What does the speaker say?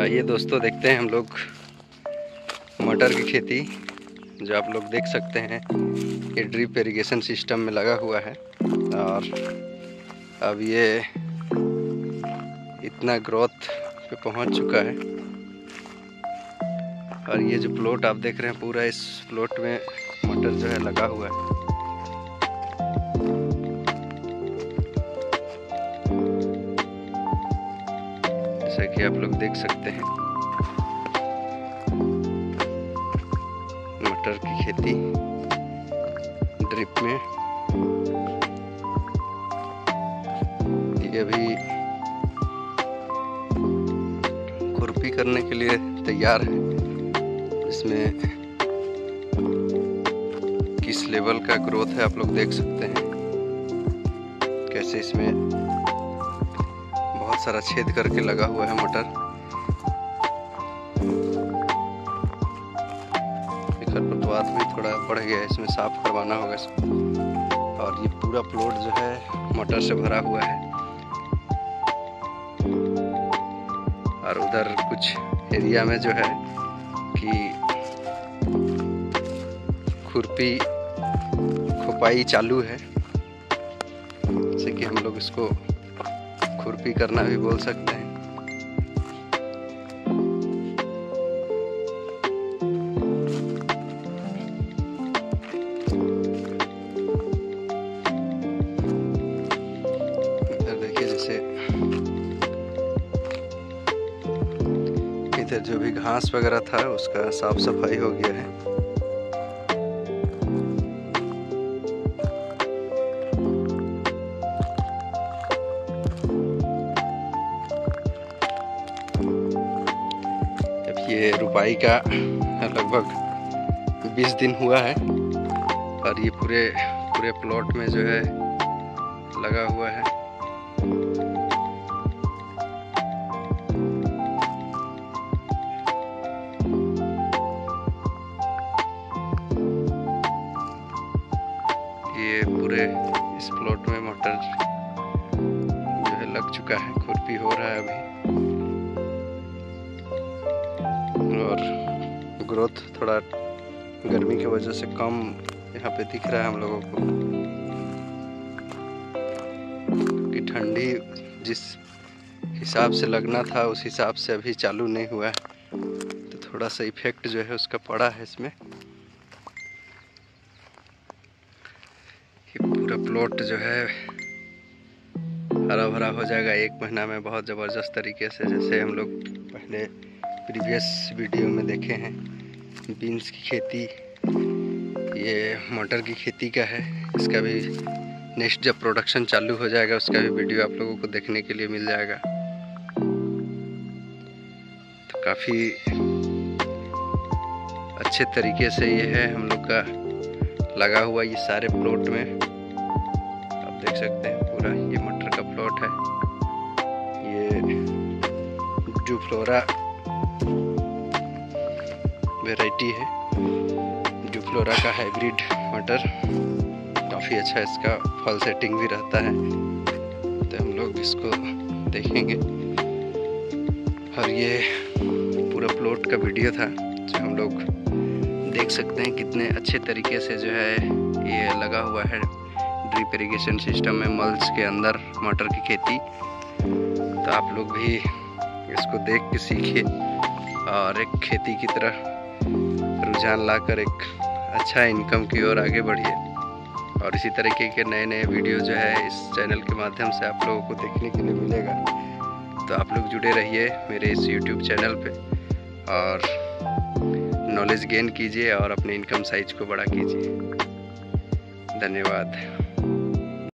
आइए दोस्तों देखते हैं हम लोग मटर की खेती जो आप लोग देख सकते हैं ये ड्रिप इरिगेशन सिस्टम में लगा हुआ है और अब ये इतना ग्रोथ पे पहुंच चुका है और ये जो प्लॉट आप देख रहे हैं पूरा इस प्लॉट में मटर जो है लगा हुआ है करके आप लोग देख सकते हैं मटर की खेती ड्रिप में ये अभी खुरपी करने के लिए तैयार है इसमें किस लेवल का ग्रोथ है आप लोग देख सकते हैं कैसे इसमें बहुत सारा छेद करके लगा हुआ है मटर खरपतवार भी थोड़ा बढ़ गया है इसमें साफ करवाना होगा इसको और ये पूरा प्लॉट जो है मटर से भरा हुआ है और उधर कुछ एरिया में जो है कि खुरपी खुपाई चालू है जैसे कि हम लोग इसको खुरपी करना भी बोल सकते हैं जो भी घास वगैरह था उसका साफ सफाई हो गया है ये रुपाई का लगभग 20 दिन हुआ है और ये पूरे पूरे प्लॉट में जो है लगा हुआ है ये पूरे इस प्लॉट में मोटर जो है लग चुका है खुरपी हो रहा है अभी और ग्रोथ थोड़ा गर्मी की वजह से कम यहाँ पे दिख रहा है हम लोगों को कि ठंडी जिस हिसाब से लगना था उस हिसाब से अभी चालू नहीं हुआ है तो थोड़ा सा इफेक्ट जो है उसका पड़ा है इसमें कि पूरा प्लॉट जो है हरा भरा हो जाएगा एक महीना में बहुत ज़बरदस्त तरीके से जैसे हम लोग पहले प्रीवियस वीडियो में देखे हैं बीन्स की खेती ये मटर की खेती का है इसका भी नेक्स्ट जब प्रोडक्शन चालू हो जाएगा उसका भी वीडियो आप लोगों को देखने के लिए मिल जाएगा तो काफ़ी अच्छे तरीके से ये है हम लोग का लगा हुआ ये सारे प्लॉट में आप देख सकते हैं पूरा ये मटर का प्लॉट है ये जू फ्लोरा वेराइटी है डुप्लोरा का हाइब्रिड मटर काफ़ी अच्छा इसका फल सेटिंग भी रहता है तो हम लोग इसको देखेंगे और ये पूरा प्लॉट का वीडियो था जो हम लोग देख सकते हैं कितने अच्छे तरीके से जो है ये लगा हुआ है ड्रिप इरीगेशन सिस्टम में मल्स के अंदर मटर की खेती तो आप लोग भी इसको देख के सीखिए और एक खेती की तरह जान लाकर एक अच्छा इनकम की ओर आगे बढ़िए और इसी तरीके के नए नए वीडियो जो है इस चैनल के माध्यम से आप लोगों को देखने के लिए मिलेगा तो आप लोग जुड़े रहिए मेरे इस यूट्यूब चैनल पे और नॉलेज गेन कीजिए और अपने इनकम साइज को बड़ा कीजिए धन्यवाद